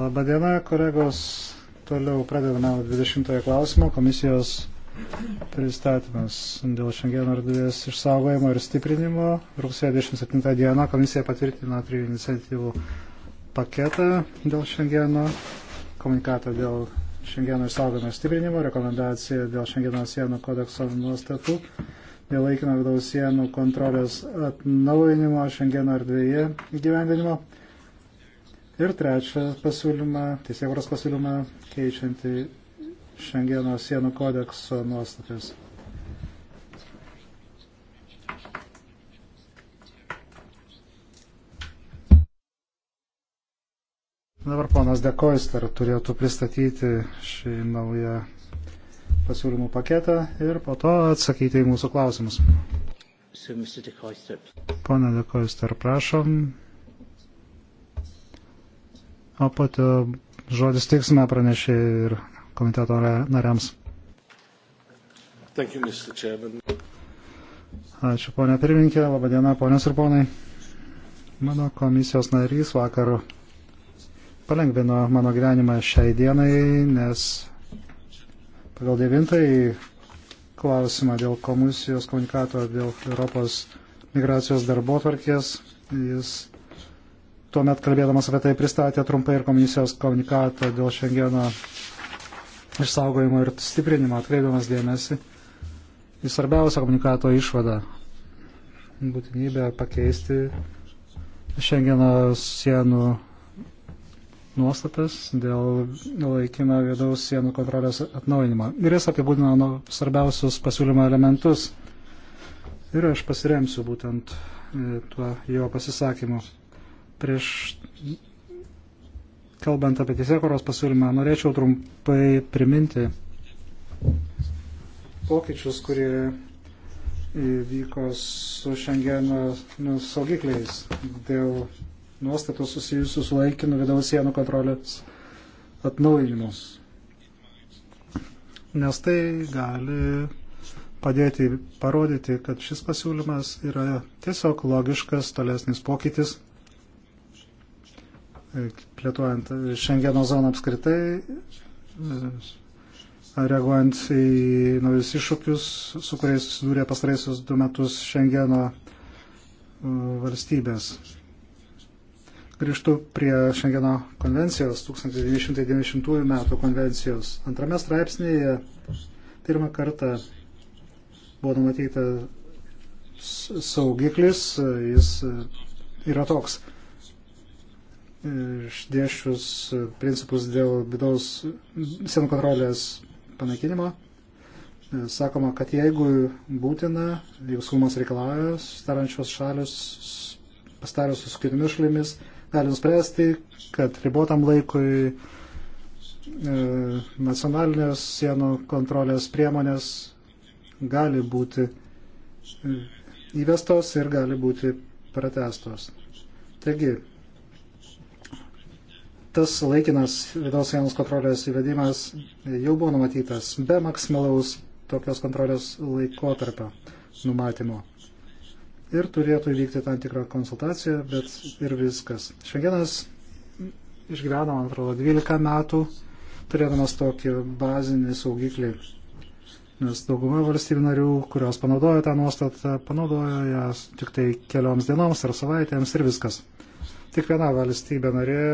Labadiena, kolegos. Toliau pradedame 20 klausimą. Komisijos pristatymas dėl šiandieno erdvės išsaugojimo ir stiprinimo. Rugsėjo 27 dieną komisija patvirtino trijų iniciatyvų paketą dėl šiandieno, komunikatą dėl šiandieno išsaugojimo ir stiprinimo, rekomendaciją dėl šiandieno sienų kodekso nuostatų dėl laikino vidaus sienų kontrolės atnaujinimo Šengeno erdvėje įgyvendinimo. Ir trečia pasiūlyma, teisėkuros pasiūlyma keičianti Šengeno sienų kodekso nuostatas. Dabar ponas Dekoister turėtų pristatyti šį naują pasiūlymų paketą ir po to atsakyti į mūsų klausimus. Pone Dekoister, prašom. O po to žodis teiksime pranešė ir komiteto nariams. Thank you, Ačiū, ponia pirmininkė, laba diena, ponios ir ponai. Mano komisijos narys vakar palengvino mano gyvenimą šiai dienai, nes Pagal devintąjį klausimą dėl komisijos komunikato dėl Europos migracijos darbo tvarkės, jis tuomet kalbėdamas apie tai pristatė trumpai ir komisijos komunikatą dėl šiandieno išsaugojimo ir stiprinimo, atkreipiamas dėmesį į svarbiausią komunikato išvadą - būtinybę pakeisti šiandieno sienų nuostatas dėl laikino vidaus sienų kontrolės atnaujinimo. Ir jis apibūdino nu, svarbiausius pasiūlymo elementus. Ir aš pasiremsiu būtent e, tuo jo pasisakymu. Prieš kalbant apie teisėkoros pasiūlymą, norėčiau trumpai priminti pokyčius, kurie įvyko su Šengeno nu, saugikliais dėl nuostatų susijusių su laikinu vidaus sienų kontrolės atnaujinimus. Nes tai gali padėti parodyti, kad šis pasiūlymas yra tiesiog logiškas tolesnis pokytis, plėtojant Šengeno zoną apskritai reaguojant į naujus iššūkius, su kuriais susidūrė pastaraisius du metus Šengeno valstybės grįžtu prie Šengeno konvencijos, 1990 metų konvencijos. Antrame straipsnėje pirmą kartą buvo numatyta saugiklis, jis yra toks. Išdėšius principus dėl vidaus sienų kontrolės panaikinimo, sakoma, kad jeigu būtina, jeigu saugumas reikalauja, starančios šalius pastarius su kitomis šalimis, gali nuspręsti, kad ribotam laikui e, nacionalinės sienų kontrolės priemonės gali būti e, įvestos ir gali būti pratestos. Taigi, tas laikinas vidaus sienos kontrolės įvedimas jau buvo numatytas be maksimalaus tokios kontrolės laikotarpio numatymo ir turėtų įvykti tam tikrą konsultaciją, bet ir viskas. Šengenas išgyveno, man atrodo, 12 metų, turėdamas tokį bazinį saugiklį. Nes dauguma valstybių narių, kurios panaudojo tą nuostatą, panaudojo ją tik tai kelioms dienoms ar savaitėms ir viskas. Tik viena valstybė narė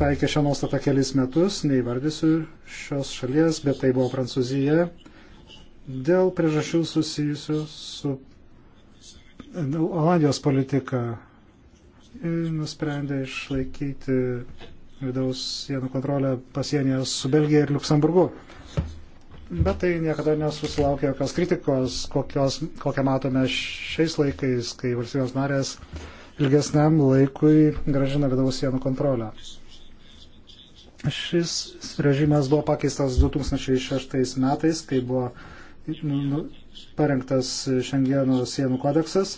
taikė šią nuostatą kelis metus, neįvardysiu šios šalies, bet tai buvo Prancūzija, dėl priežasčių susijusių su Olandijos politika nusprendė išlaikyti vidaus sienų kontrolę pasienyje su Belgija ir Luksemburgu. Bet tai niekada nesusilaukė jokios kritikos, kokios, kokią matome šiais laikais, kai valstybės narės ilgesniam laikui gražina vidaus sienų kontrolę. Šis režimas buvo pakeistas 2006 metais, kai buvo nu, nu, parengtas Šengeno sienų kodeksas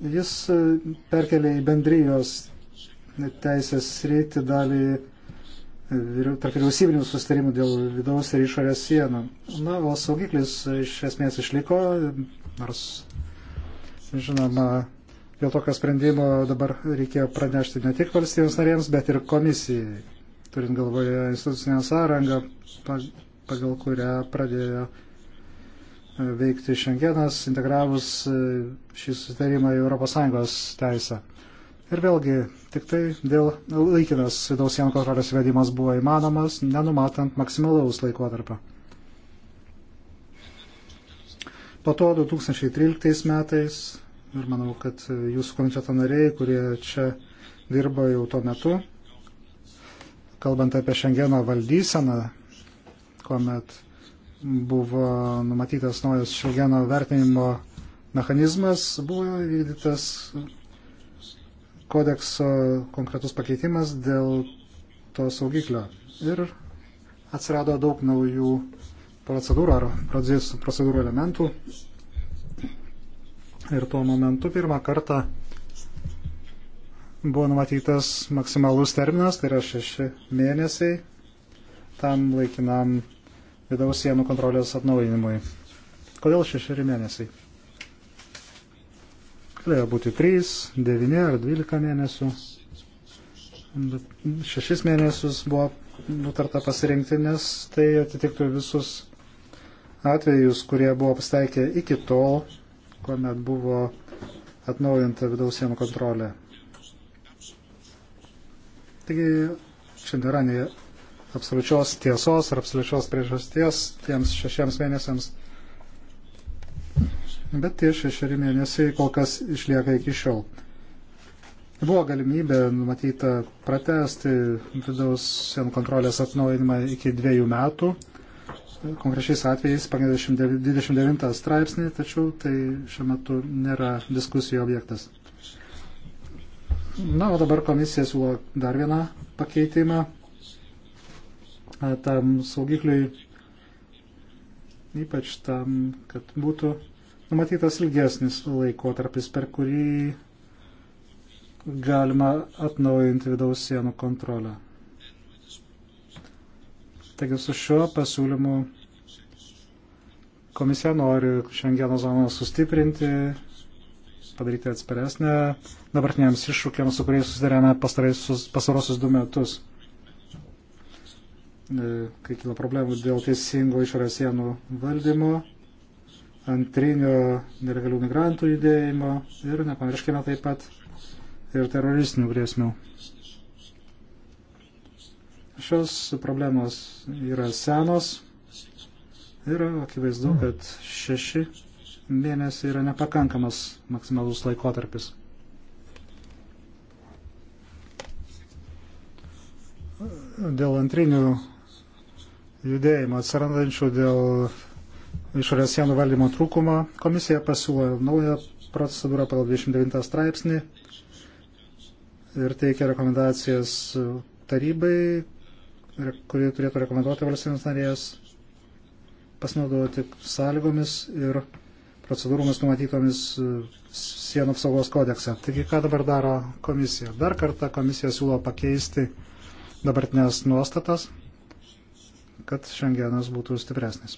Jis e, perkelia į bendrijos teisės sritį dalį e, tarp vyriausybinių sustarimų dėl vidaus ir išorės sienų. Na, o saugiklis iš esmės išliko, nors, žinoma, dėl tokio sprendimo dabar reikėjo pranešti ne tik valstybėms narėms, bet ir komisijai, turint galvoje institucinę sąrangą, pagal kurią pradėjo veikti Šengenas, integravus e, šį susitarimą į ES teisę. Ir vėlgi, tik tai dėl laikinas vidaus sienų kontrolės vedimas buvo įmanomas, nenumatant maksimalaus laikotarpio. Po to 2013 metais, ir manau, kad jūsų komiteto nariai, kurie čia dirbo jau tuo metu, kalbant apie Šengeno valdyseną, kuomet buvo numatytas naujas šilgeno vertinimo mechanizmas, buvo įvykdytas kodekso konkretus pakeitimas dėl to saugiklio. Ir atsirado daug naujų procedūrų ar procedūrų elementų. Ir tuo momentu pirmą kartą buvo numatytas maksimalus terminas, tai yra šeši mėnesiai tam laikinam vidaus sienų kontrolės atnaujinimui. Kodėl šešeri mėnesiai? Galėjo būti 3, 9 ar 12 mėnesių. Bet šešis mėnesius buvo nutarta pasirinkti, nes tai atitiktų visus atvejus, kurie buvo pasteikę iki tol, kuomet buvo atnaujinta vidaus sienų kontrolė. Taigi šiandien yra absoliučios tiesos ar absoliučios priežasties tiems šešiems mėnesiams. Bet tie šešeri mėnesiai kol kas išlieka iki šiol. Buvo galimybė numatyta pratesti vidaus sienų kontrolės atnaujinimą iki dviejų metų, konkrečiais atvejais pagal 29 straipsnį, tačiau tai šiuo metu nėra diskusijų objektas. Na, o dabar komisija siūlo dar vieną pakeitimą tam saugikliui, ypač tam, kad būtų numatytas ilgesnis laikotarpis, per kurį galima atnaujinti vidaus sienų kontrolę. Taigi su šiuo pasiūlymu komisija nori šiandieną zoną sustiprinti, padaryti atsparesnę dabartiniams iššūkiams, su kuriais susidarėme pastarosius du metus. E, kai kilo problemų dėl teisingo išorės sienų valdymo, antrinio nelegalių migrantų judėjimo ir nepamirškime taip pat ir teroristinių grėsmių. Šios problemos yra senos ir akivaizdu, kad šeši mėnesiai yra nepakankamas maksimalus laikotarpis. Dėl antrinių judėjimo atsirandančių dėl išorės sienų valdymo trūkumo, komisija pasiūlo naują procedūrą pagal 29 straipsnį ir teikia rekomendacijas tarybai, kuri turėtų rekomenduoti valstybės narės pasinaudoti sąlygomis ir procedūromis numatytomis sienų apsaugos kodekse. Taigi, ką dabar daro komisija? Dar kartą komisija siūlo pakeisti dabartinės nuostatas kad šiandienas būtų stipresnis.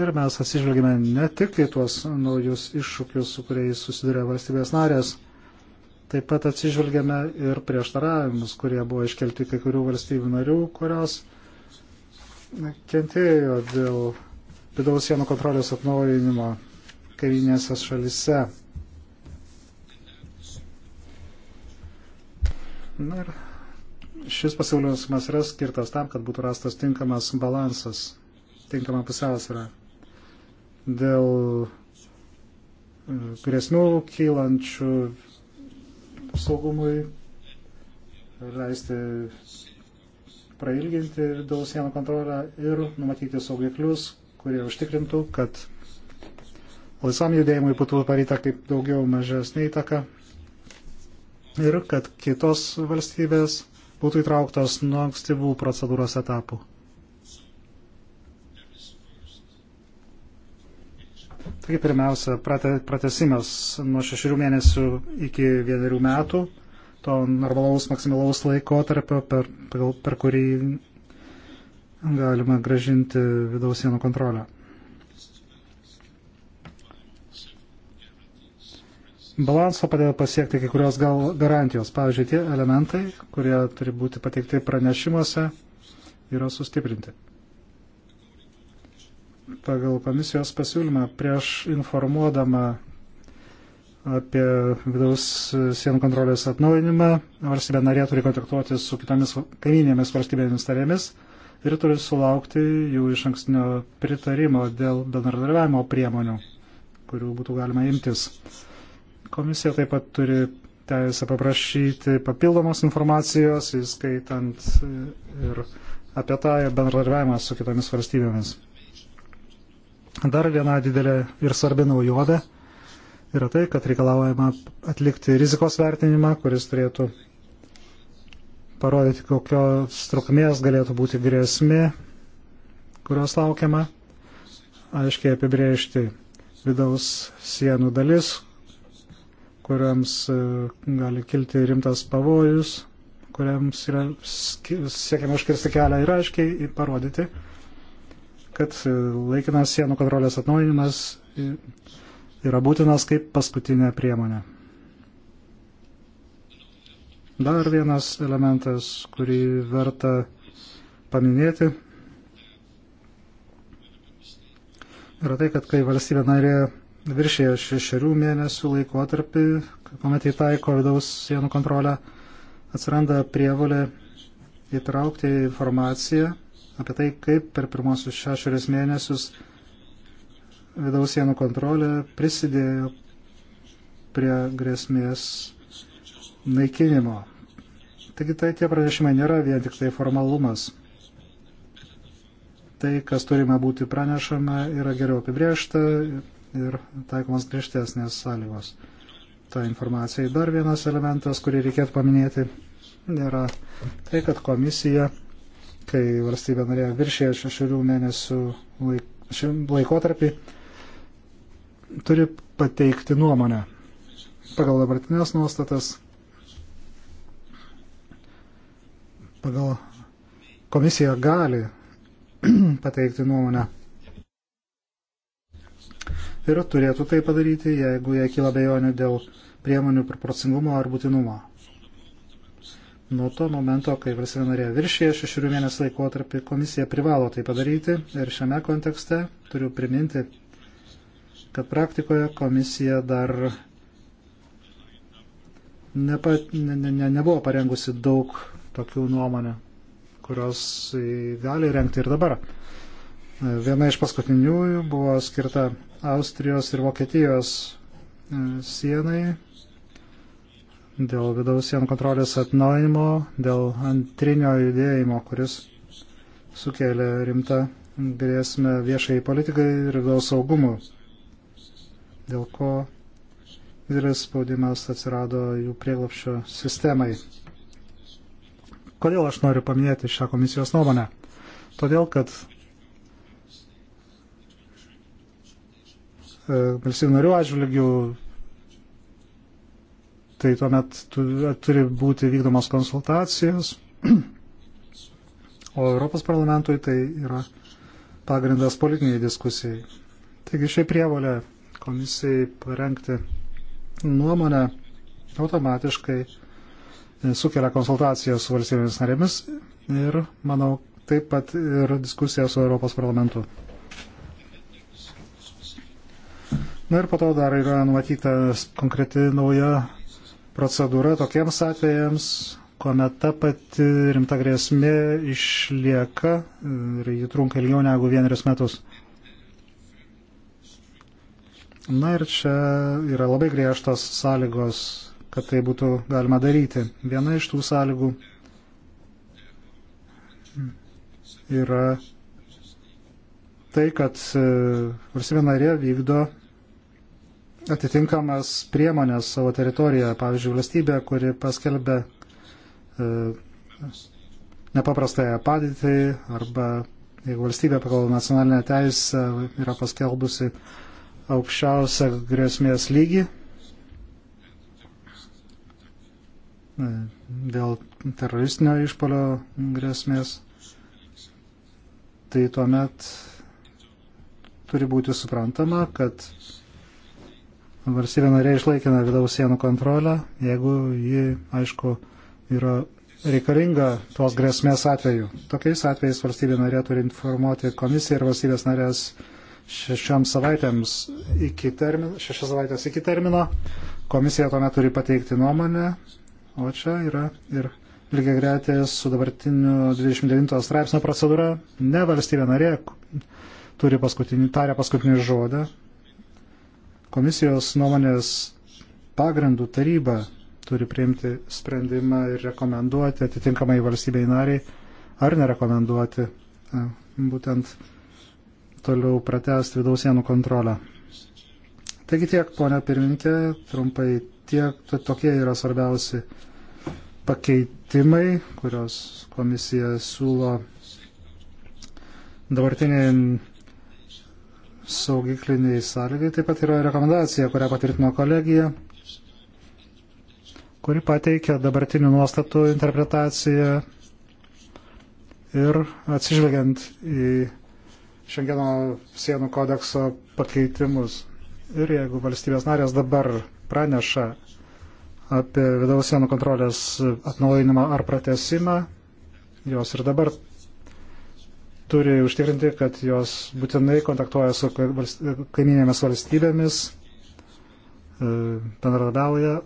Ir mes atsižvelgime ne tik į tuos naujus iššūkius, su kuriais susiduria valstybės narės, taip pat atsižvelgėme ir prieštaravimus, kurie buvo iškelti kai kurių valstybių narių, kurios kentėjo dėl vidaus sienų kontrolės atnaujinimo kaiminėse šalise. Na ir Šis pasiūlymas yra skirtas tam, kad būtų rastas tinkamas balansas, tinkama pusiausvėra dėl e, grėsmių kylančių saugumui, leisti prailginti vidaus sienų kontrolę ir numatyti saugiklius, kurie užtikrintų, kad laisvam judėjimui būtų paryta kaip daugiau mažesnė įtaka ir kad kitos valstybės būtų įtrauktos nuo ankstyvų procedūros etapų. Taigi pirmiausia, pratesimas nuo šešių mėnesių iki vienerių metų, to normalaus maksimalaus laiko tarp, per, per, per kurį galima gražinti vidaus sienų kontrolę. balanso padėjo pasiekti kai kurios gal garantijos. Pavyzdžiui, tie elementai, kurie turi būti pateikti pranešimuose, yra sustiprinti. Pagal komisijos pasiūlymą prieš informuodama apie vidaus sienų kontrolės atnaujinimą, valstybė narė turi kontaktuoti su kitomis kaiminėmis valstybėmis tarėmis ir turi sulaukti jų iš ankstinio pritarimo dėl bendradarbiavimo priemonių, kurių būtų galima imtis. Komisija taip pat turi teisę paprašyti papildomos informacijos, įskaitant e, ir apie tą bendradarbiavimą su kitomis valstybėmis. Dar viena didelė ir svarbi naujovė yra tai, kad reikalaujama atlikti rizikos vertinimą, kuris turėtų parodyti, kokios trukmės galėtų būti grėsmė, kurios laukiama, aiškiai apibriežti vidaus sienų dalis, kuriams e, gali kilti rimtas pavojus, kuriams yra siekiama užkirsti kelią ir aiškiai parodyti, kad e, laikinas sienų kontrolės atnaujinimas yra būtinas kaip paskutinė priemonė. Dar vienas elementas, kurį verta paminėti, yra tai, kad kai valstybė narė viršėjo šešerių mėnesių laikotarpį, kuomet įtaiko vidaus sienų kontrolę, atsiranda prievolė įtraukti informaciją apie tai, kaip per pirmosius šešerius mėnesius vidaus sienų kontrolė prisidėjo prie grėsmės naikinimo. Taigi tai tie pranešimai nėra vien tik tai formalumas. Tai, kas turime būti pranešama, yra geriau apibriešta, ir taikomas griežtesnės sąlygos. Ta informacija. Dar vienas elementas, kurį reikėtų paminėti, yra tai, kad komisija, kai valstybė narė viršė šešių mėnesių laik, laikotarpį, turi pateikti nuomonę. Pagal dabartinės nuostatas, pagal komisija gali pateikti nuomonę ir turėtų tai padaryti, jeigu jie kyla bejonių dėl priemonių proporcingumo ar būtinumo. Nuo to momento, kai valstybė narė viršyje šešių mėnesių laikotarpį, komisija privalo tai padaryti ir šiame kontekste turiu priminti, kad praktikoje komisija dar nepa, ne, ne, ne, nebuvo parengusi daug tokių nuomonių, kurios gali renkti ir dabar. Viena iš paskutiniųjų buvo skirta Austrijos ir Vokietijos e, sienai, dėl vidaus sienų kontrolės atnaujimo, dėl antrinio judėjimo, kuris sukėlė rimtą grėsmę viešai politikai ir vidaus saugumui, dėl ko didelis spaudimas atsirado jų prieglapščio sistemai. Kodėl aš noriu paminėti šią komisijos nuomonę? Todėl, kad E, valstybių narių atžvilgių, tai tuomet turi būti vykdomos konsultacijos, o Europos parlamentui tai yra pagrindas politiniai diskusijai. Taigi šiai prievalė komisijai parengti nuomonę automatiškai sukelia konsultaciją su valstybėmis narėmis ir, manau, taip pat ir diskusiją su Europos parlamentu. Na ir po to dar yra numatyta konkreti nauja procedūra tokiems atvejams, kuomet ta pati rimta grėsmė išlieka ir ji trunka ilgiau negu vienerius metus. Na ir čia yra labai griežtos sąlygos, kad tai būtų galima daryti. Viena iš tų sąlygų yra tai, kad e, valstybė narė vykdo atitinkamas priemonės savo teritorijoje. Pavyzdžiui, valstybė, kuri paskelbė e, nepaprastąją padėtį arba jeigu valstybė pagal nacionalinę teisę yra paskelbusi aukščiausią grėsmės lygį e, dėl teroristinio išpolio grėsmės, tai tuomet turi būti suprantama, kad valstybė narė išlaikina vidaus sienų kontrolę, jeigu ji, aišku, yra reikalinga tos grėsmės atveju. Tokiais atvejais valstybė narė turi informuoti komisiją ir valstybės narės šešioms savaitėms iki termino, šešias savaitės iki termino. Komisija tuomet turi pateikti nuomonę, o čia yra ir lygiai greitės su dabartiniu 29 straipsnio procedūra. Ne valstybė narė turi paskutinį, tarę paskutinį žodį, Komisijos nuomonės pagrindų taryba turi priimti sprendimą ir rekomenduoti atitinkamai valstybei nariai ar nerekomenduoti e, būtent toliau pratesti vidaus sienų kontrolę. Taigi tiek, ponia pirmininkė, trumpai tiek, tokie yra svarbiausi pakeitimai, kurios komisija siūlo dabartiniai saugikliniai sąlygai. Taip pat yra rekomendacija, kurią patvirtino kolegija, kuri pateikia dabartinių nuostatų interpretaciją ir atsižvelgiant į Šengeno sienų kodekso pakeitimus. Ir jeigu valstybės narės dabar praneša apie vidaus sienų kontrolės atnaujinimą ar pratesimą, jos ir dabar turi užtikrinti, kad jos būtinai kontaktuoja su kaiminėmis valstybėmis, e, bendradauja.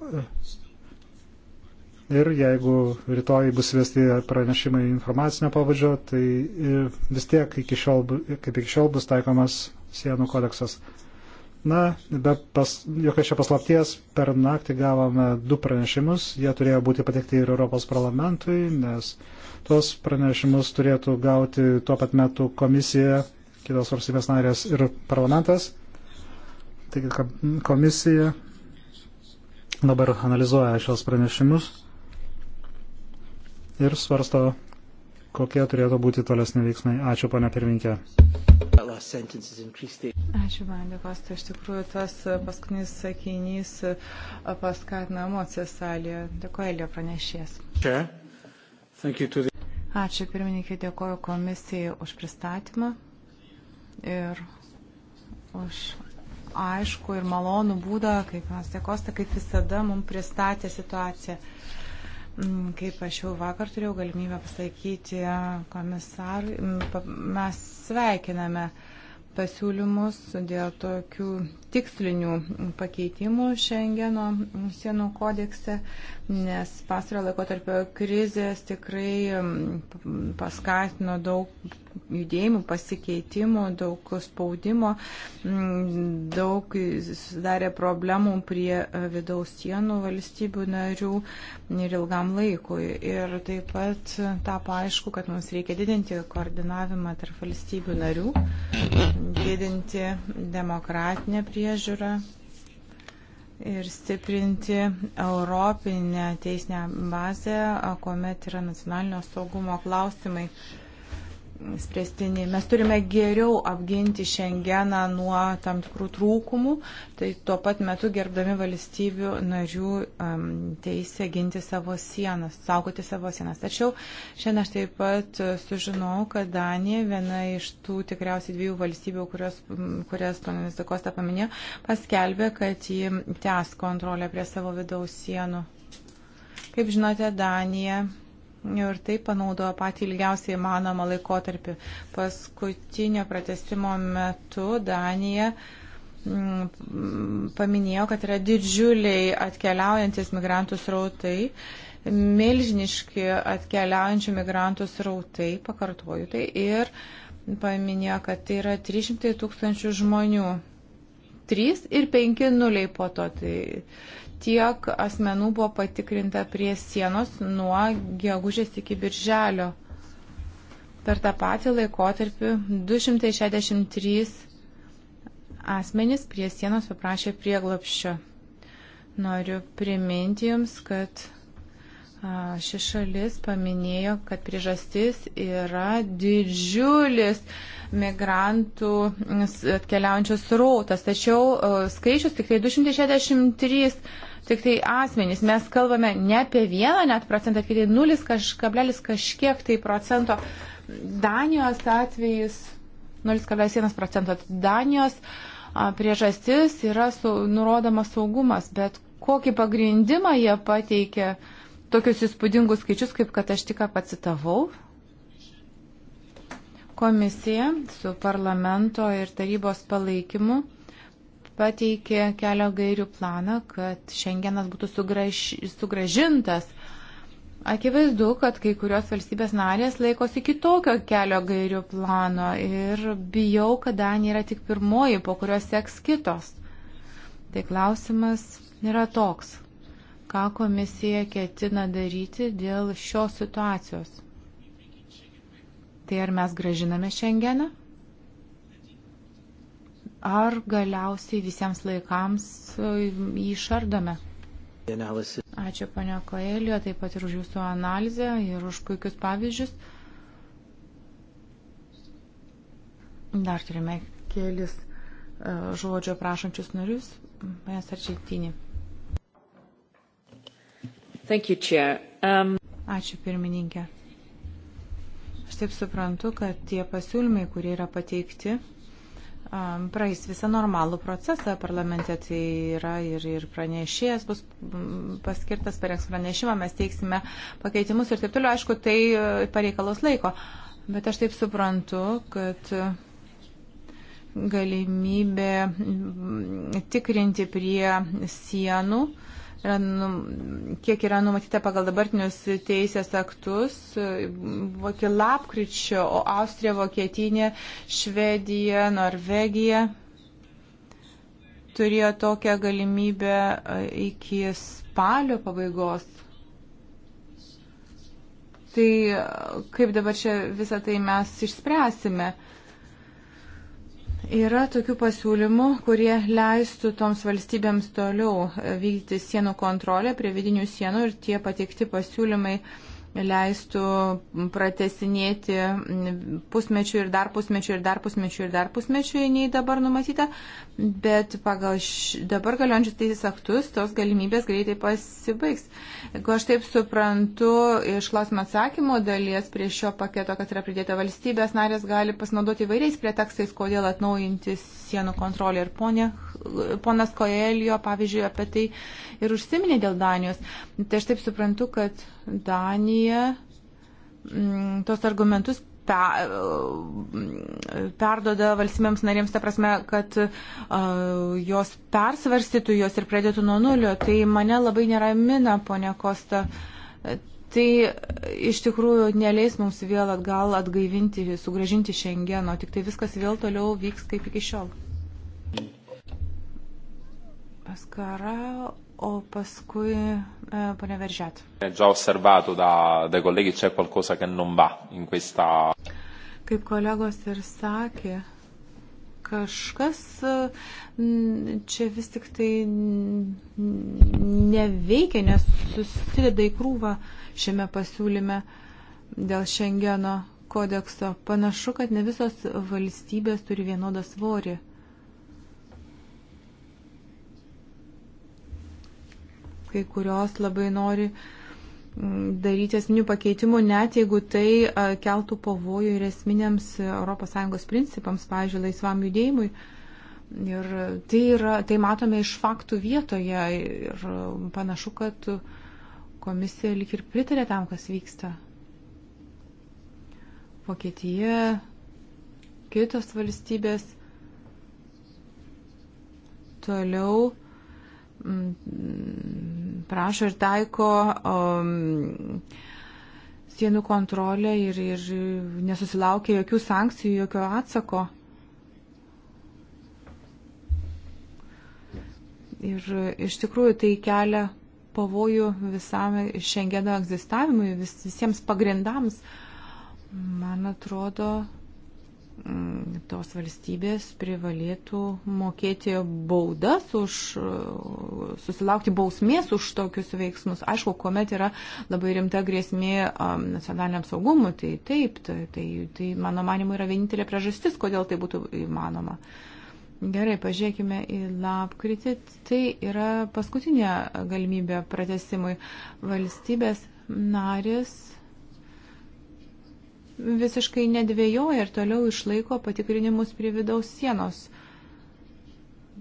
Ir jeigu rytoj bus vesti pranešimai informacinio pabudžio, tai e, vis tiek iki šiol, kaip iki šiol bus taikomas sienų kodeksas. Na, be pas, jokios čia paslapties, per naktį gavome du pranešimus, jie turėjo būti patekti ir Europos parlamentui, nes tuos pranešimus turėtų gauti tuo pat metu komisija, kitos valstybės narės ir parlamentas. Taigi komisija dabar analizuoja šios pranešimus ir svarsto, kokie turėtų būti tolesni veiksmai. Ačiū, ponia pirminkė. Ačiū, Vandė Kosta. Iš tikrųjų, tas e, paskutinis sakinys e, paskatina emocijas salėje. Dėkuoju, Elio pranešės. Ačiū, pirmininkai, dėkuoju komisijai už pristatymą ir už aišku ir malonų būdą, kaip Vandė Kosta, kaip visada, mums pristatė situaciją. Mm, kaip aš jau vakar turėjau galimybę pasakyti komisarui, mm, mes sveikiname pasiūlymus dėl tokių tikslinių pakeitimų Šengeno sienų kodekse, nes pastarojo laiko tarp krizės tikrai paskatino daug judėjimų, pasikeitimų, daug spaudimo, daug sudarė problemų prie e, vidaus sienų valstybių narių ir ilgam laikui. Ir taip pat tapo aišku, kad mums reikia didinti koordinavimą tarp valstybių narių, didinti demokratinę prie priežiūrą ir stiprinti Europinę teisinę bazę, kuomet yra nacionalinio saugumo klausimai spręstini. Mes turime geriau apginti šiandieną nuo tam tikrų trūkumų, tai tuo pat metu gerbdami valstybių narių um, teisę ginti savo sienas, saugoti savo sienas. Tačiau šiandien aš taip pat e, sužinau, kad Danija, viena iš tų tikriausiai dviejų valstybių, kurios, kurias ponas Dakosta paminėjo, paskelbė, kad ji tęs kontrolę prie savo vidaus sienų. Kaip žinote, Danija ir tai panaudojo patį ilgiausiai įmanomą laikotarpį. Paskutinio pratestimo metu Danija mm, paminėjo, kad yra didžiuliai atkeliaujantis migrantų srautai, milžiniški atkeliaujančių migrantų srautai, pakartoju tai, ir paminėjo, kad tai yra 300 tūkstančių žmonių. 3 ir 5 nuliai po to. Tai tiek asmenų buvo patikrinta prie sienos nuo gegužės iki birželio. Per tą patį laikotarpį 263 asmenys prie sienos paprašė prieglapščio. Noriu priminti Jums, kad Ši šalis paminėjo, kad priežastis yra didžiulis migrantų atkeliaujančios srautas, tačiau skaičius tik tai 263 tik tai asmenys. Mes kalbame ne apie vieną net procentą, tik tai 0 kablelis kažkiek tai procento. Danijos atvejis 0,1 procento. Danijos priežastis yra su, nurodomas saugumas, bet kokį pagrindimą jie pateikia tokius įspūdingus skaičius, kaip kad aš tik pacitavau. Komisija su parlamento ir tarybos palaikymu pateikė kelio gairių planą, kad šiandienas būtų sugraž, sugražintas. Akivaizdu, kad kai kurios valstybės narės laikosi kitokio kelio gairių plano ir bijau, kad Danija yra tik pirmoji, po kurios seks kitos. Tai klausimas yra toks, ką komisija ketina daryti dėl šios situacijos. Tai ar mes gražiname šiandieną? Ar galiausiai visiems laikams e, jį išardome? Ačiū, panio Koelio, taip pat ir už jūsų analizę ir už puikius pavyzdžius. Dar turime kelis e, žodžio prašančius narius. Mes arčiai tini. Thank you, Chair. Um... Ačiū pirmininkė. Aš taip suprantu, kad tie pasiūlymai, kurie yra pateikti, um, praeis visą normalų procesą parlamente, tai yra ir, ir pranešėjas bus mm, paskirtas, parengs pranešimą, mes teiksime pakeitimus ir taip toliau, aišku, tai e, pareikalos laiko. Bet aš taip suprantu, kad e, galimybė tikrinti prie sienų, uh, yra, num, kiek yra numatyta pagal dabartinius teisės aktus, buvo iki lapkričio, o Austrija, Vokietija, Švedija, Norvegija turėjo tokią galimybę e, iki spalio pabaigos. Tai e, kaip dabar čia visą tai mes išspręsime? Uh, Yra tokių pasiūlymų, kurie leistų toms valstybėms toliau vykdyti sienų kontrolę prie vidinių sienų ir tie patikti pasiūlymai uh, leistų pratesinėti pusmečių ir dar pusmečių ir dar pusmečių ir dar pusmečių, nei dabar numatyta, bet pagal š... dabar galiojančius teisės aktus tos galimybės greitai pasibaigs. Jeigu aš taip suprantu iš klausimo atsakymo dalies prie šio paketo, kas yra pridėta valstybės, narės gali pasinaudoti įvairiais pretekstais, kodėl atnaujinti sienų kontrolę. Ir ponė, ponas Koelio, pavyzdžiui, apie tai ir užsiminė dėl Danijos. Tai aš taip suprantu, kad Danija mm, tos argumentus pe, perdoda valstybėms narėms, ta prasme, kad uh, jos persvarstytų jos ir pradėtų nuo nulio, tai mane labai neramina, ponia Kosta. Tai iš tikrųjų neleis mums vėl atgal atgaivinti, sugražinti šengeno, tik tai viskas vėl toliau vyks kaip iki šiol. Paskara O paskui eh, pone Veržet. Già osservato da, dai colleghi c'è qualcosa che non va in questa. Kaip kolegos ir sakė, kažkas e, čia vis tik tai neveikia, nes susideda į krūvą šiame pasiūlyme dėl Šengeno kodekso. Panašu, kad ne visos valstybės turi vienodą svorį. kai kurios labai nori mm, daryti esminių pakeitimų, net jeigu tai keltų pavojų ir esminiams ES principams, pavyzdžiui, laisvam judėjimui. Ir tai, yra, tai matome iš faktų vietoje ir panašu, kad komisija lik ir pritarė tam, kas vyksta. Vokietija, kitos valstybės toliau mm, prašo ir taiko um, sienų kontrolę ir, ir nesusilaukia jokių sankcijų, jokio atsako. Ir iš tikrųjų tai kelia pavojų visam šengeno egzistavimui, vis, visiems pagrindams. Man atrodo, Mm, tos valstybės privalėtų mokėti baudas už, e, susilaukti bausmės už tokius veiksmus. Aišku, kuomet yra labai rimta grėsmė nacionaliniam saugumui, tai taip, tai, tai, tai mano manimu yra vienintelė priežastis, kodėl tai būtų įmanoma. Gerai, pažiūrėkime į lapkritį. Tai yra paskutinė galimybė pratesimui valstybės narės visiškai nedvėjoja ir toliau išlaiko patikrinimus prie vidaus sienos.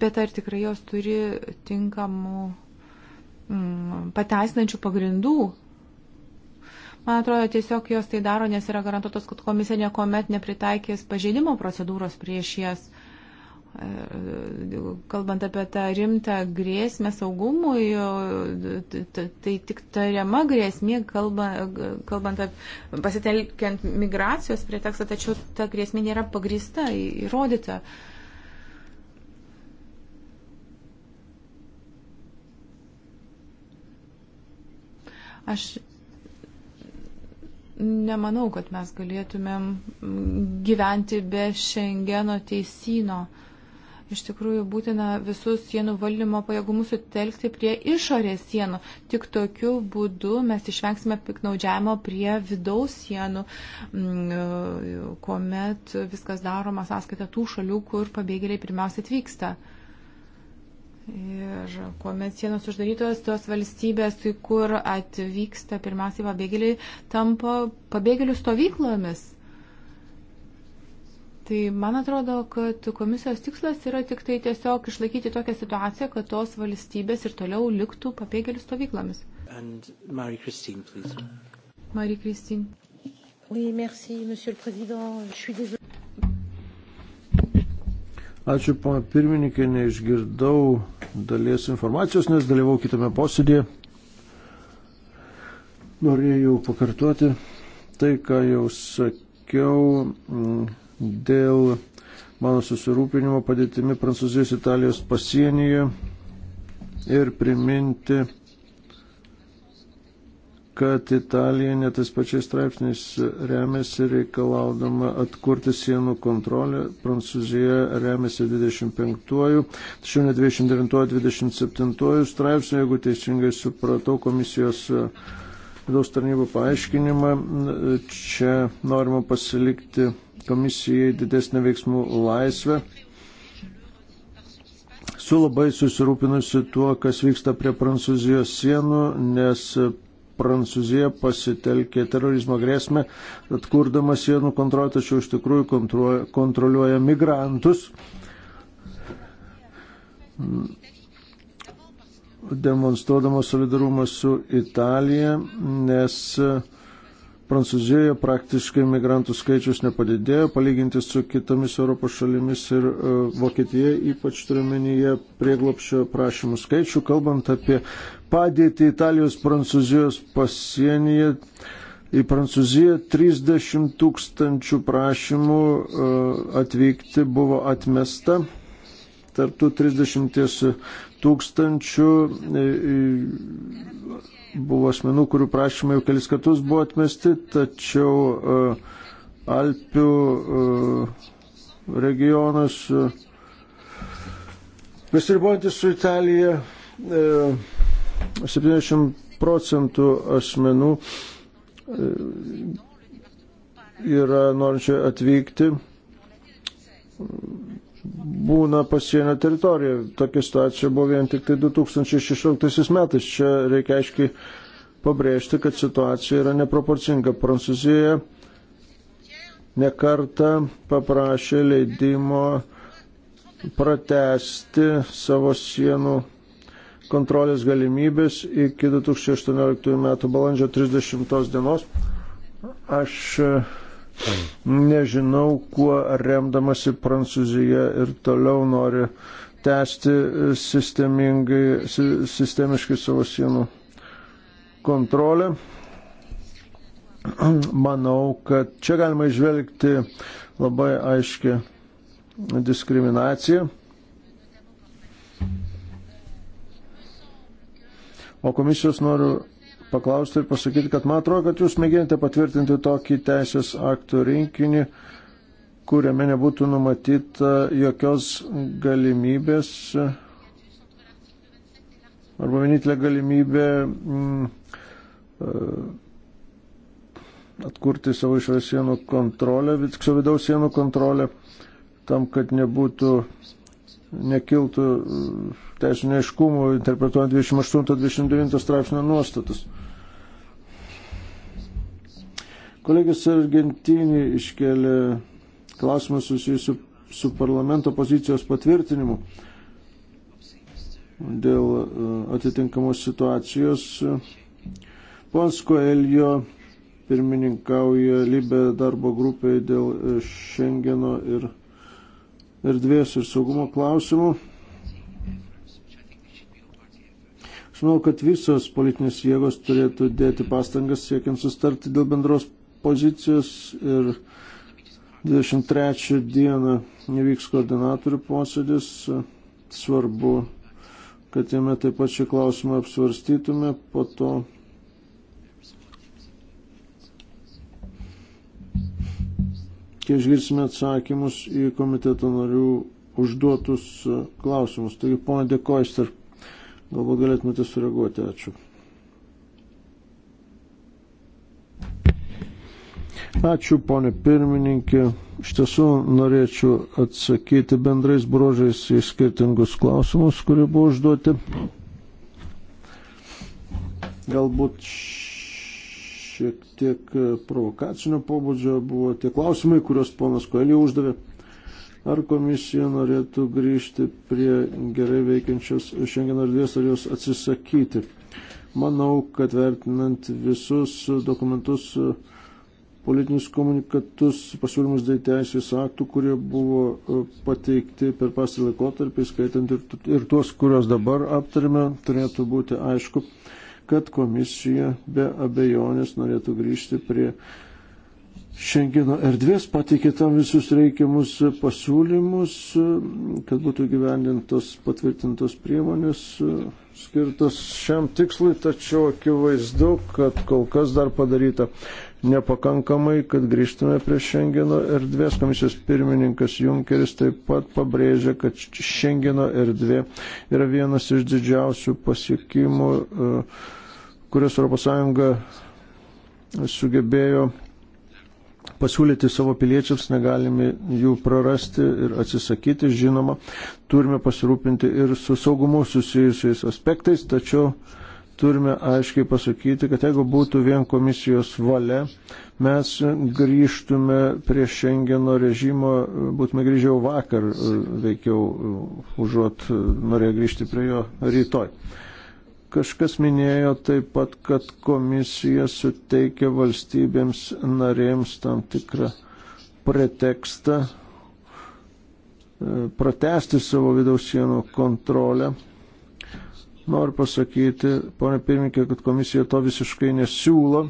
Bet ar tikrai jos turi tinkamų mm, pateisinančių pagrindų? Man atrodo, tiesiog jos tai daro, nes yra garantuotos, kad komisija niekuomet nepritaikys pažeidimo procedūros prieš jas. Uh, E, kalbant apie tą rimtą grėsmę saugumui, tai tik tariama grėsmė, kalba, kalbant apie, pasitelkiant migracijos pretekstą, tačiau ta grėsmė nėra pagrįsta, įrodyta. Aš nemanau, kad mes galėtumėm gyventi be Šengeno teisino. Uh, Iš tikrųjų būtina visus sienų valdymo pajėgumus sutelkti prie išorės sienų. Tik tokiu būdu mes išvengsime piknaudžiavimo prie vidaus sienų, mm, kuomet viskas daroma sąskaita tų šalių, kur pabėgėliai pirmiausia atvyksta. Ir kuomet sienos uždarytos, tos valstybės, kur atvyksta pirmiausiai pabėgėliai, tampa pabėgėlių stovyklomis. Tai man atrodo, kad komisijos tikslas yra tik tai tiesiog išlaikyti tokią situaciją, kad tos valstybės ir toliau liktų pabėgėlių stovyklomis. Marie Christine, please. Marie Christine. Oui, merci, monsieur le président. Je suis désolée. Ačiū, pana pirmininkė, neišgirdau dalies informacijos, nes dalyvau kitame posėdėje. Norėjau pakartoti tai, ką jau sakiau. Mm dėl mano susirūpinimo padėtimi Prancūzijos Italijos pasienyje ir priminti, kad Italija netais pačiais straipsniais remiasi reikalaudama atkurti sienų kontrolę, Prancūzija remiasi 25-ųjų, tačiau ne 29-27-ųjų straipsnių, jeigu teisingai supratau komisijos e, vidaus tarnybų paaiškinimą, e, čia norima pasilikti komisijai didesnę veiksmų laisvę. Su labai susirūpinusi tuo, kas vyksta prie Prancūzijos sienų, nes Prancūzija pasitelkė terorizmo grėsmę, atkurdama sienų kontrolę, tačiau iš tikrųjų kontroliuoja, kontroliuoja migrantus. Demonstruodama solidarumą su Italija, nes uh, Prancūzijoje praktiškai migrantų skaičius nepadidėjo, palyginti su kitomis Europos šalimis ir e, Vokietija, ypač turiuomenyje prieglopščio prašymų skaičių. Kalbant apie padėtį Italijos-Prancūzijos pasienyje, į Prancūziją 30 tūkstančių prašymų e, atvykti buvo atmesta. Tartų 30 tūkstančių e, buvo asmenų, kurių prašymai jau kelis kartus buvo atmesti, tačiau e, Alpių e, regionas, e, besiribuojantis su Italija, 70 procentų asmenų yra norinčių atvykti būna pasienio teritorija. Tokia situacija buvo vien tik tai 2016 metais. Čia reikia aiškiai pabrėžti, kad situacija yra neproporcinga. Prancūzija nekarta paprašė leidimo pratesti savo sienų kontrolės galimybės iki 2018 metų balandžio 30 dienos. Aš Nežinau, kuo remdamasi Prancūzija ir toliau nori tęsti sistemingai, sistemiškai savo sienų kontrolę. Manau, kad čia galima išvelgti labai aiškę diskriminaciją. O komisijos noriu paklausti ir pasakyti, kad man atrodo, kad jūs mėginate patvirtinti tokį teisės aktų rinkinį, kuriame nebūtų numatyta jokios galimybės arba vienintelė galimybė mm, e, atkurti savo išvės sienų kontrolę, tiksliau vidaus sienų kontrolę, tam, kad nebūtų nekiltų e, teisinio aiškumų interpretuojant 28-29 straipsnio nuostatus. Kolegis Argentinį iškelia klausimą susijusiu su parlamento pozicijos patvirtinimu dėl e, atitinkamos situacijos. Ponsko Elio pirmininkauja Libė darbo grupėje dėl Šengeno e, ir erdvės ir saugumo klausimų. Aš manau, kad visos politinės jėgos turėtų dėti pastangas siekiant sustarti dėl bendros pozicijos ir 23 dieną nevyks koordinatorių posėdis. Svarbu, kad jame taip pat šį klausimą apsvarstytume, po to kai išgirsime atsakymus į komiteto narių užduotus e, klausimus. Taigi, ponė Dekoister, galbūt galėtumėte sureaguoti. Ačiū. Ačiū, ponė pirmininkė. Iš tiesų norėčiau atsakyti bendrais brožais į skirtingus klausimus, kurie buvo užduoti. Galbūt šiek tiek e, provokacinio pobūdžio buvo tie klausimai, kuriuos ponas Koelį uždavė. Ar komisija norėtų grįžti prie gerai veikiančios šiandien erdvės ar jos atsisakyti? Manau, kad vertinant visus dokumentus, e, politinius komunikatus, pasiūlymus dėl teisės aktų, kurie buvo e, pateikti per pastarį laikotarpį, skaitant ir, ir tuos, kuriuos dabar aptarime, turėtų būti aišku, kad komisija be abejonės norėtų grįžti prie Šengino erdvės, pateikė tam visus reikiamus pasiūlymus, kad būtų gyvendintos patvirtintos priemonės skirtos šiam tikslui, tačiau akivaizdu, kad kol kas dar padaryta nepakankamai, kad grįžtume prie Šengeno erdvės. Komisijos pirmininkas Junkeris taip pat pabrėžė, kad Šengeno erdvė yra vienas iš didžiausių pasiekimų, e, kurias ES sugebėjo pasiūlyti savo piliečiams, negalime jų prarasti ir atsisakyti. Žinoma, turime pasirūpinti ir su saugumu susijusiais aspektais, tačiau turime aiškiai pasakyti, kad jeigu būtų vien komisijos valia, mes grįžtume prie Šengeno režimo, būtume grįžiau vakar, veikiau užuot norėjo grįžti prie jo rytoj. Kažkas minėjo taip pat, kad komisija suteikia valstybėms narėms tam tikrą pretekstą e, pratesti savo vidaus sienų kontrolę Noriu pasakyti, ponė pirmininkė, kad komisija to visiškai nesiūlo.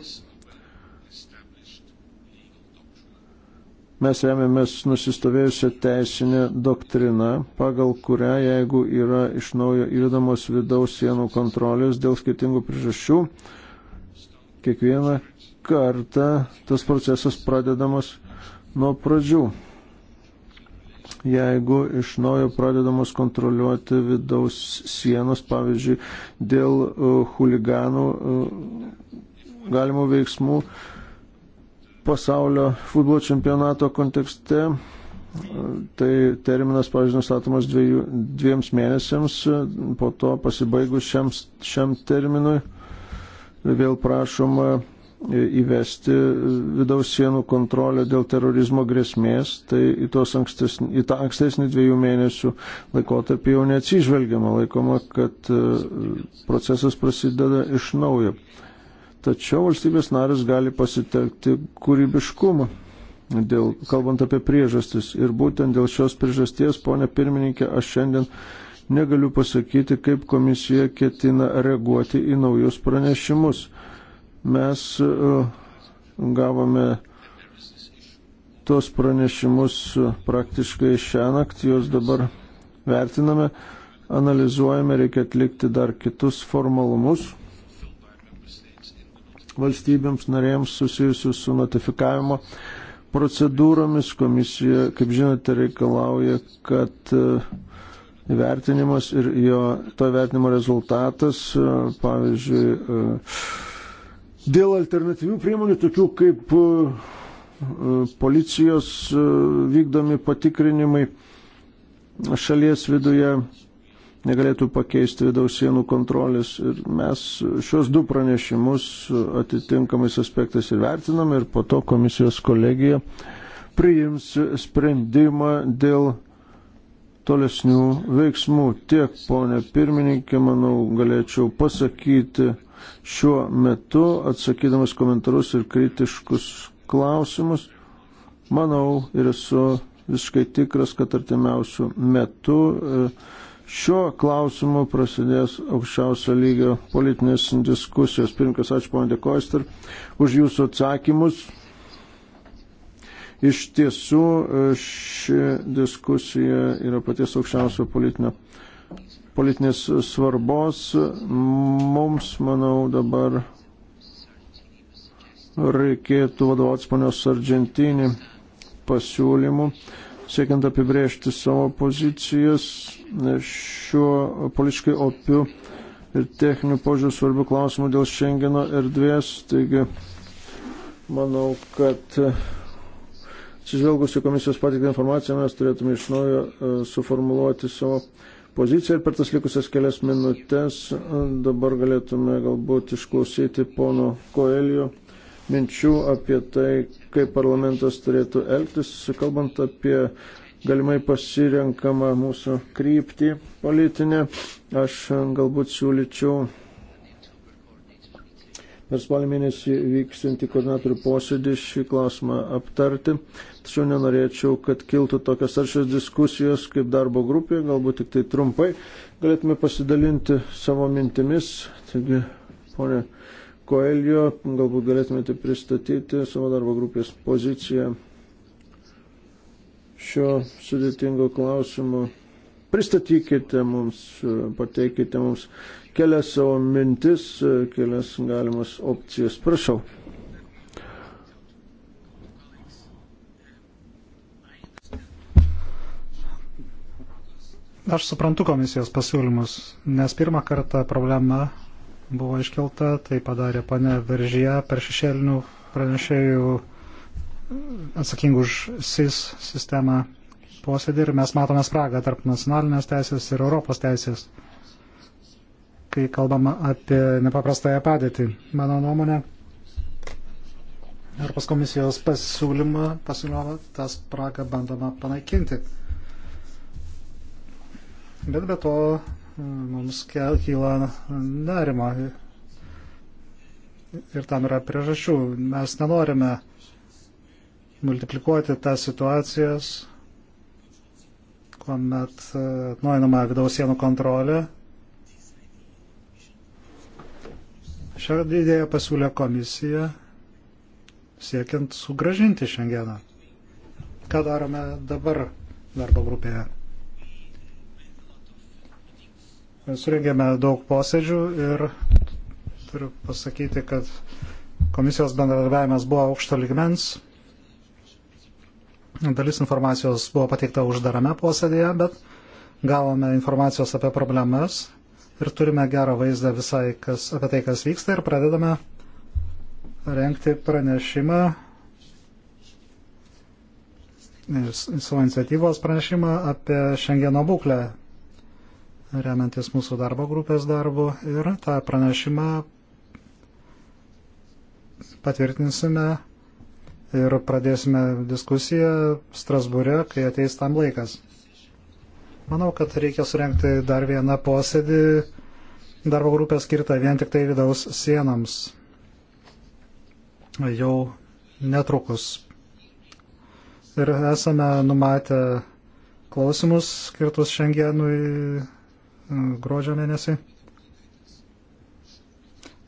Mes remiamės nusistovėjusią teisinę doktriną, pagal kurią, jeigu yra iš naujo įvedamos vidaus sienų kontrolės dėl skirtingų priežasčių, kiekvieną kartą tas procesas pradedamas nuo pradžių jeigu iš naujo pradedamos kontroliuoti vidaus sienos, pavyzdžiui, dėl e, huliganų e, galimų veiksmų pasaulio futbolo čempionato kontekste. E, tai terminas, pavyzdžiui, nustatomas dviejų, dviems mėnesiams, po to pasibaigus šiam, šiam terminui vėl prašoma įvesti vidaus sienų kontrolę dėl terorizmo grėsmės, tai į, ankstesnį, į tą ankstesnį dviejų mėnesių laikotarpį jau neatsižvelgiama, laikoma, kad e, procesas prasideda iš naujo. Tačiau valstybės narės gali pasitelkti kūrybiškumą, dėl, kalbant apie priežastis. Ir būtent dėl šios priežasties, ponė pirmininkė, aš šiandien negaliu pasakyti, kaip komisija ketina reaguoti į naujus pranešimus Mes e, gavome tos pranešimus e, praktiškai šią naktį, juos dabar vertiname, analizuojame, reikia atlikti dar kitus formalumus valstybėms narėms susijusius su notifikavimo procedūromis. Komisija, kaip žinote, reikalauja, kad e, vertinimas ir jo to vertinimo rezultatas, pavyzdžiui, Dėl alternatyvių priemonių, tokių kaip e, e, policijos e, vykdomi patikrinimai šalies viduje, negalėtų pakeisti vidaus sienų kontrolės. Ir mes šios du pranešimus atitinkamais aspektais ir vertiname ir po to komisijos kolegija priims sprendimą dėl tolesnių veiksmų. Tiek, ponė pirmininkė, manau, galėčiau pasakyti šiuo metu, atsakydamas komentarus ir kritiškus klausimus. Manau ir esu visiškai tikras, kad artimiausių metų e, šiuo klausimu prasidės aukščiausio lygio politinės diskusijos. Pirmkas, ačiū ponė Koister už jūsų atsakymus. Iš tiesų e, ši diskusija yra paties aukščiausio politinio politinės svarbos. Mums, manau, dabar reikėtų vadovautis ponios Argentinį pasiūlymų, siekiant apibrėžti savo pozicijas šiuo politiškai opiu ir techniniu požiūriu svarbiu klausimu dėl Schengeno erdvės. Taigi, manau, kad e, atsižvelgus į komisijos patiktą informaciją mes turėtume iš naujo e, suformuluoti savo poziciją ir per tas likusias kelias minutės dabar galėtume galbūt išklausyti pono Koelio minčių apie tai, kaip parlamentas turėtų elgtis, kalbant apie galimai pasirenkamą mūsų kryptį politinę. Aš galbūt siūlyčiau ir spalio mėnesį vyksinti koordinatorių posėdį šį klausimą aptarti. Tačiau nenorėčiau, kad kiltų tokios aršios diskusijos kaip darbo grupė, galbūt tik tai trumpai galėtume pasidalinti savo mintimis. Taigi, ponė Koelio, galbūt galėtumėte pristatyti savo darbo grupės poziciją šio sudėtingo klausimo. Pristatykite mums, pateikite mums kelias savo mintis, kelias galimas opcijas. Prašau. Aš suprantu komisijos pasiūlymus, nes pirmą kartą problema buvo iškelta, tai padarė pane Veržyje per šešėlinių pranešėjų atsakingų už SIS sistemą posėdį ir mes matome spragą tarp nacionalinės teisės ir Europos teisės, kai kalbama apie nepaprastąją padėtį. Mano nuomonė, Europos komisijos pasiūlymą, pasiūlymą tą spragą bandoma panaikinti. Bet be to mums kyla nerima ir tam yra priežasčių. Mes nenorime multiplikuoti tas situacijas, kuomet e, atnaujinama vidaus sienų kontrolė. Šią idėją pasiūlė komisija siekiant sugražinti šiandieną. Ką darome dabar darbo grupėje? Surengėme daug posėdžių ir turiu pasakyti, kad komisijos bendradarbiavimas buvo aukšto ligmens. Dalis informacijos buvo pateikta uždarame posėdėje, bet gavome informacijos apie problemas ir turime gerą vaizdą visai kas, apie tai, kas vyksta ir pradedame renkti pranešimą, savo iniciatyvos pranešimą apie Šengeno būklę, remiantis mūsų darbo grupės darbu ir tą pranešimą patvirtinsime ir pradėsime diskusiją Strasbūre, kai ateis tam laikas. Manau, kad reikia surenkti dar vieną posėdį darbo grupę skirtą vien tik tai vidaus sienams. Jau netrukus. Ir esame numatę klausimus skirtus šiandienui e, gruodžio mėnesį.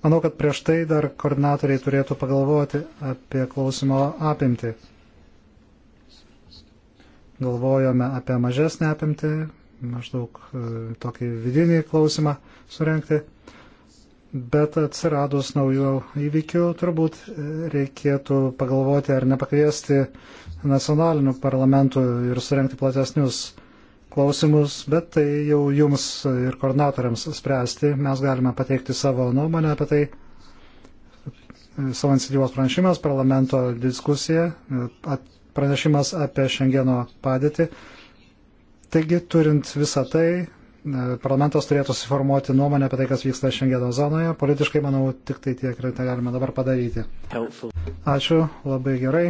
Manau, kad prieš tai dar koordinatoriai turėtų pagalvoti apie klausimo apimtį. Galvojome apie mažesnę apimtį, maždaug e, tokį vidinį klausimą surenkti, bet atsiradus naujų įvykių turbūt reikėtų pagalvoti ar nepakviesti nacionalinių parlamentų ir surenkti platesnius klausimus, bet tai jau jums ir koordinatoriams spręsti. Mes galime pateikti savo nuomonę apie tai, savo iniciatyvos pranešimas, parlamento diskusija, pranešimas apie Šengeno padėtį. Taigi, turint visą tai, parlamentas turėtų suformuoti nuomonę apie tai, kas vyksta Šengeno zonoje. Politiškai, manau, tik tai tiek ir tai galime dabar padaryti. Ačiū, labai gerai.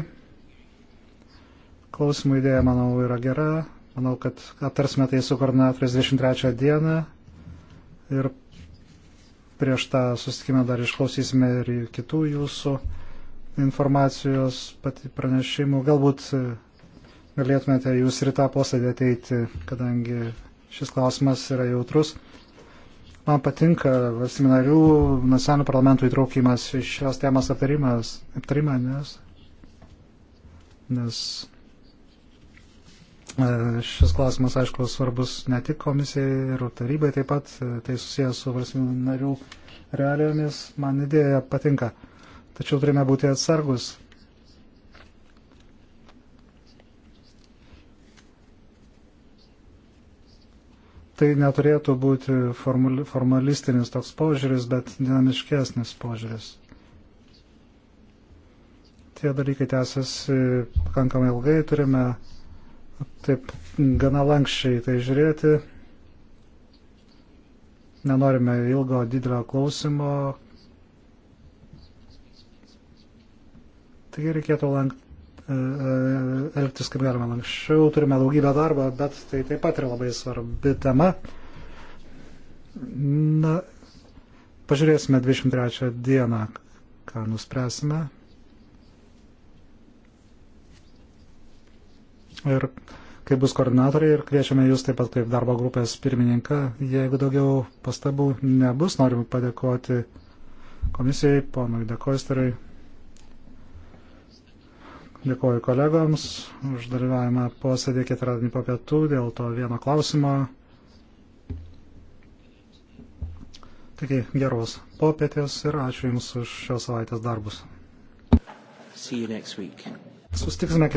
Klausimų idėja, manau, yra gera. Manau, kad aptarsime tai su koordinatoriais 23 dieną ir prieš tą susitikimą dar išklausysime ir kitų jūsų informacijos pranešimų. Galbūt e, galėtumėte jūs ir tą posėdį ateiti, kadangi šis klausimas yra jautrus. Man patinka valstybių narių, nacionalinių parlamentų įtraukimas į šios temos aptarimą, nes, nes E, šis klausimas, aišku, svarbus ne tik komisijai ir tarybai, taip pat e, tai susijęs su valstybių narių realijomis. Man idėja patinka. Tačiau turime būti atsargus. Tai neturėtų būti formalistinis toks požiūris, bet dinamiškesnis požiūris. Tie dalykai tęsiasi pakankamai ilgai, turime taip gana lankščiai tai žiūrėti. Nenorime ilgo didelio klausimo. Taigi reikėtų lank... E, e, elgtis kaip galima lankščiau. Turime daugybę darbo, bet tai taip pat yra labai svarbi tema. Na, pažiūrėsime 23 dieną, ką nuspręsime. ir kai bus koordinatoriai ir kviečiame jūs taip pat kaip darbo grupės pirmininką. Jeigu daugiau pastabų nebus, norim padėkoti komisijai, ponui Dekoisteriui. Dėkoju kolegoms už dalyvavimą posėdį ketvirtadienį po pietų dėl to vieno klausimo. Taigi geros popietės ir ačiū Jums už šios savaitės darbus. Sustiksime.